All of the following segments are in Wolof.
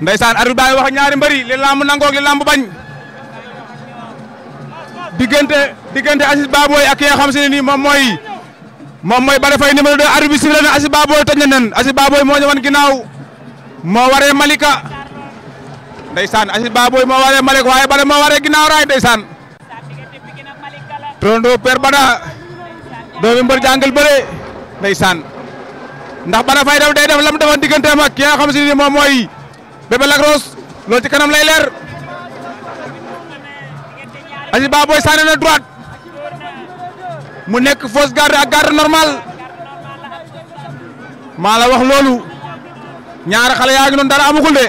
Ndeysaan arbitre baa wax ñaari mbëri li lamb nangoog bañ diggante diggante Aziz Baboye ak ki nga xam si ne nii moom mooy moom mooy Bada Faye numéro 2 arbitre bi sifflé na Aziz na nen Aziz Baboye moo ñëwoon ginnaaw moo waree Malika Ndeysaan Aziz Baboye moo waree Malika waaye Bada moo waree ginnaaw raay Ndeysaan. Trondo Père Bada doomi mbër jàngal bëre Ndeysaan ndax Bada Faye daf day def lam defoon digganteem ak ki nga xam moom mooy. Bébé Lac Rose ci kanam lay leer Aziz Ba Boy sànni na mu nekk fausse garde ak garde normal maa wax loolu ñaari xale yaa ngi noonu dara amagul de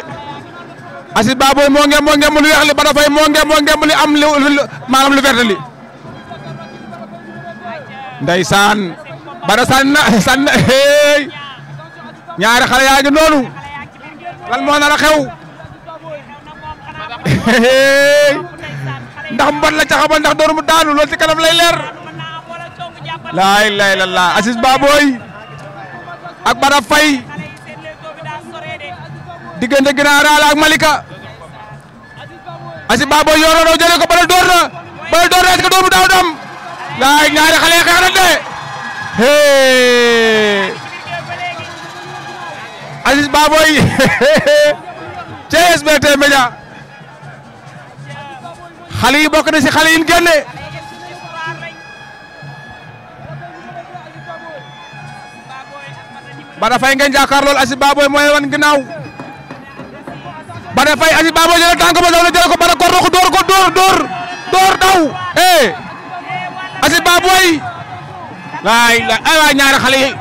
Aziz Ba Boy moo ngem moo ngem lu weex li ba dafay moo am lu maanaam lu vert li ndeysaan bada sànni na sànni na hey ñaari xale yaa noonu lan moo nar a xew ndax mbot la caxabal ndax door mu daanu loolu ci kanam lay leer laa ilaaha illallaah Aziz Baboy ak Bara Faye diggante Grand Ral ak Malika Aziz Baboy yooroo na jëlee ko bala door na bala door na est door mu daaw dam laay ñaari xale xeex na de Aziz Baboy ci SBT Média xale yi bokk na si xale yi génne Bada Faye ngeen jàkkaarlool Aziz Baboy mooy wan ginnaaw Bada Faye Aziz Baboy jël tànk ba daw na ko Bada kor na door door door door daw eh Aziz Baboy waay la ay waay ñaari xale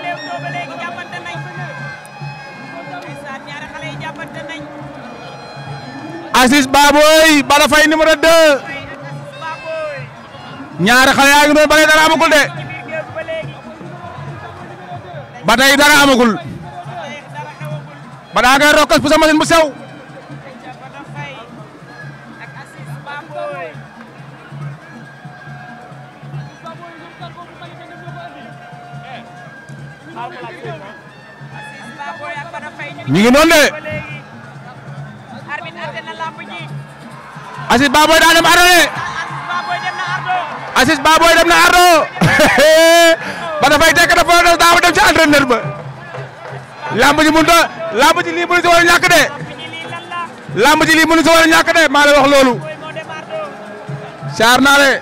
Aziz Baboy Bada Faye numéro 2 ñaari xale ngi noonu ba tey dara de ba tey dara amagul ba daa bu sa sew ñu ngi de. Aziz Baboy daa dem Ardo de. Aziz Baboy dem na Ardo. ba dafay tekk dafa des daa dem ci entraîneur ba. lamb ji mënut a lamb ji lii mënu lii mënu si war a ñàkk de maa lay wax loolu. saar naa le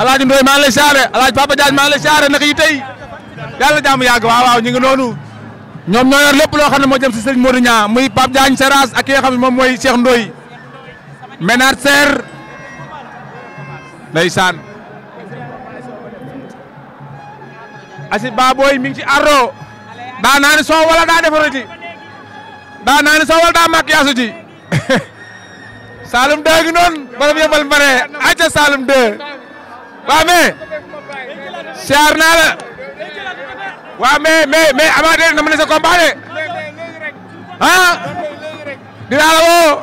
El Hadj Ndoye maa lay saare El Papa Diagne maa lay saare naka yi tey yàlla jàmm yàgg waaw waaw ñu noonu. ñoom ñoo yor lépp loo xam ne moo jëm si sëñ Modou Niang muy Pape Diagne Seras ak ki nga moom mooy Cheikh Ndoye. Ménard Serre ndeysaan Asi Baboy mi ngi ci arro daa naani soow wala daa defaru ci naani soow wala daa makkiyaasu ci Saloum ngi noonu borom yëfal mbaree acca Saloum 2 waa mais siyaar naa waa mais mais mais amateur na ma ne sa de ah dinaa la woo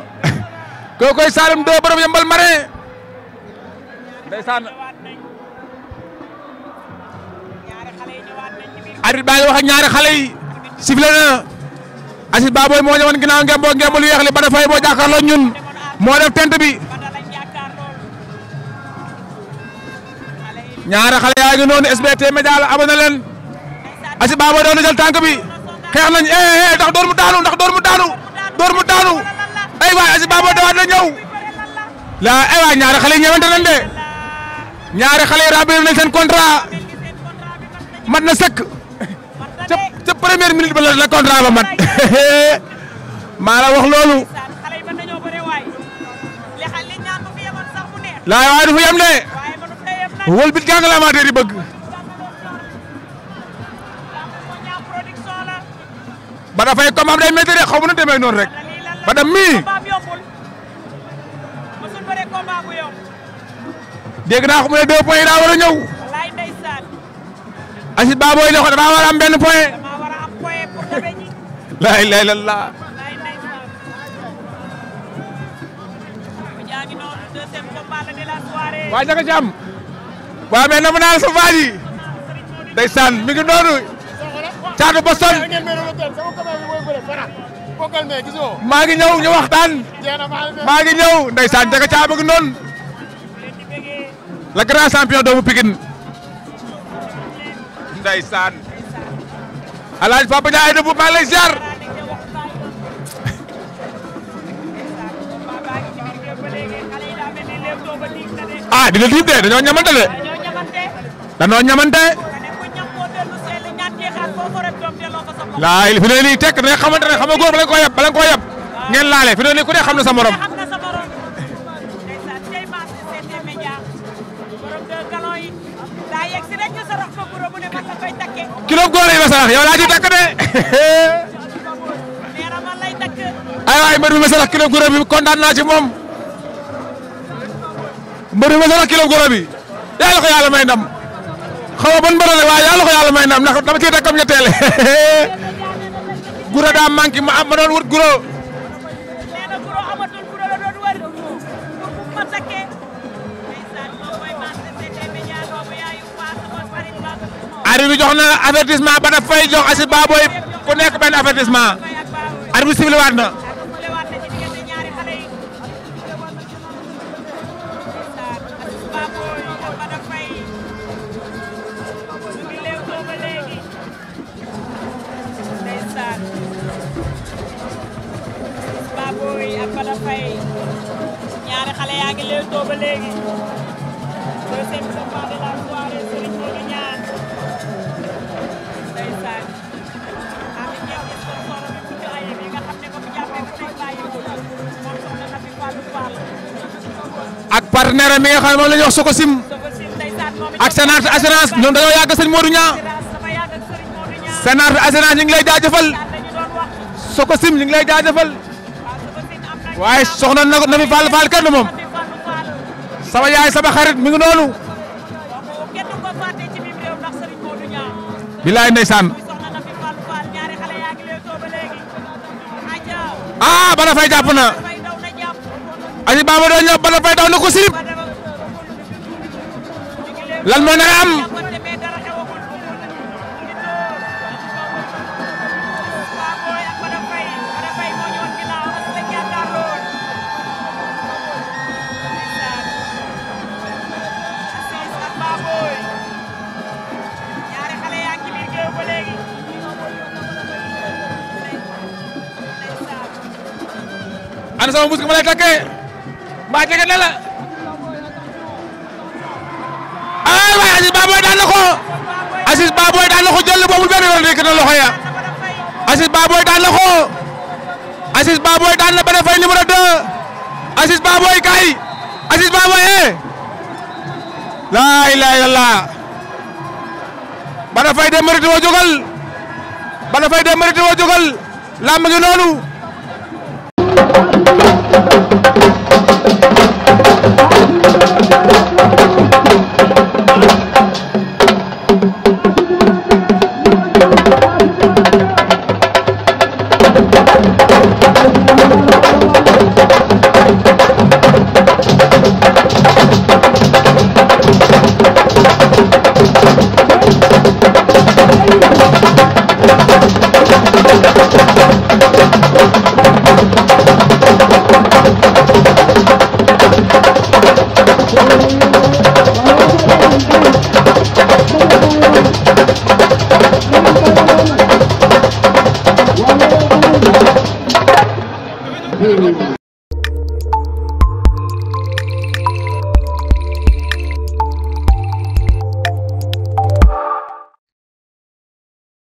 koy Saloum doo borom yëmbal marin ndeysaan arbitre baa ngi ñaari xale yi sifflé na Aziz moo ñëwoon ginnaaw ngeen boo ngeen lu yeex li Bada Faye boo jàkkaarloo ñun moo def tent bi ñaari xale yaa ngi noonu SBT Média la abonné leen Aziz Ba Boy doon na jël tànk bi xeex nañ eh eh, eh ndax door mu daanu ndax door mu daanu door mu daanu ay waay Aziz dawaat na ñëw la ay waay ñaari xale yi ñëwante nañ de ñaari xale yi rabbi nañ seen contrat mat na sëkk ca première minute ba la la contrat mat maa la wax loolu laay waay du fa yem de wol bit jàng la amateur yi bëgg ba comme am day météo xaw ma nu demee noonu rek. Badam mii. dégg naa ko mu ne deux points yi daa war a ñëw. Aziz Ba booy doxal dafa war a am benn point. laa ilaaha illallaah. waa Ndiaga Thiam. waaw mais nafa naa la sa vaaj mi ngi noonu. caatu Boston. maa ngi ñëw ñu waxtaan. maa ngi ñëw ndeysaan jaga caa bëgg noonu. le doomu Pikine. ndeysaan. alaaj Papa Ndiaye dëbb maa ngi lay ziar. ah dina tiib de dañoo ñamante de. dañoo ñamante. laay fi ne nii tekk danga xamante ne xam nga góor bala nga koo yab bala nga koo yab ngeen laale fi ne ku ne xam na sa morom. kilo góor yi ma sarax yow laa ci takk de. ay waay mbër sarax kilo góor bi kontaan naa ci moom. mbër bi ma sarax kilo góor bi yàlla ko yàlla may ndam. xaw ma ban bëre la waaye yàlla ko yàlla may ndam ndax dama cee teg comme ñetteel guro daa manqué ma wut guro. arbitre jox na avertissement ba daf jox asi baaboy ku nekk benn avertissement arbitre bi waat na. yaa ngi Leewtoo na xam ne ba mu jàppee ko moom ak partenaire mi nga xam ne moom la ñu wax Soko Sim assurance ñoom dañoo yàgg Serigne Modou Niang Sénat assurance ñu ngi lay jaajëfal Soko Sim lay jaajëfal waaye soxna na fi Fall Fall kenn moom sama yaay sama xarit mi ngi noonu. bilaay ndeysaan. ah Bada Faye jàpp na. Aji Baba doo ñëw Bada Faye daw na ko sirip. lan moo nar a sama mbuus takkee mbaa jege na la ay waay Aziz Baboy daan na ko na ko jël boobul benn yoon rekk na loxo ya Aziz Baboy daan na ko Aziz Baboy daan kay Aziz Baboy eh laa ilaaha illallaah Bada Faye dem mérite woo jógal Bada Thank you.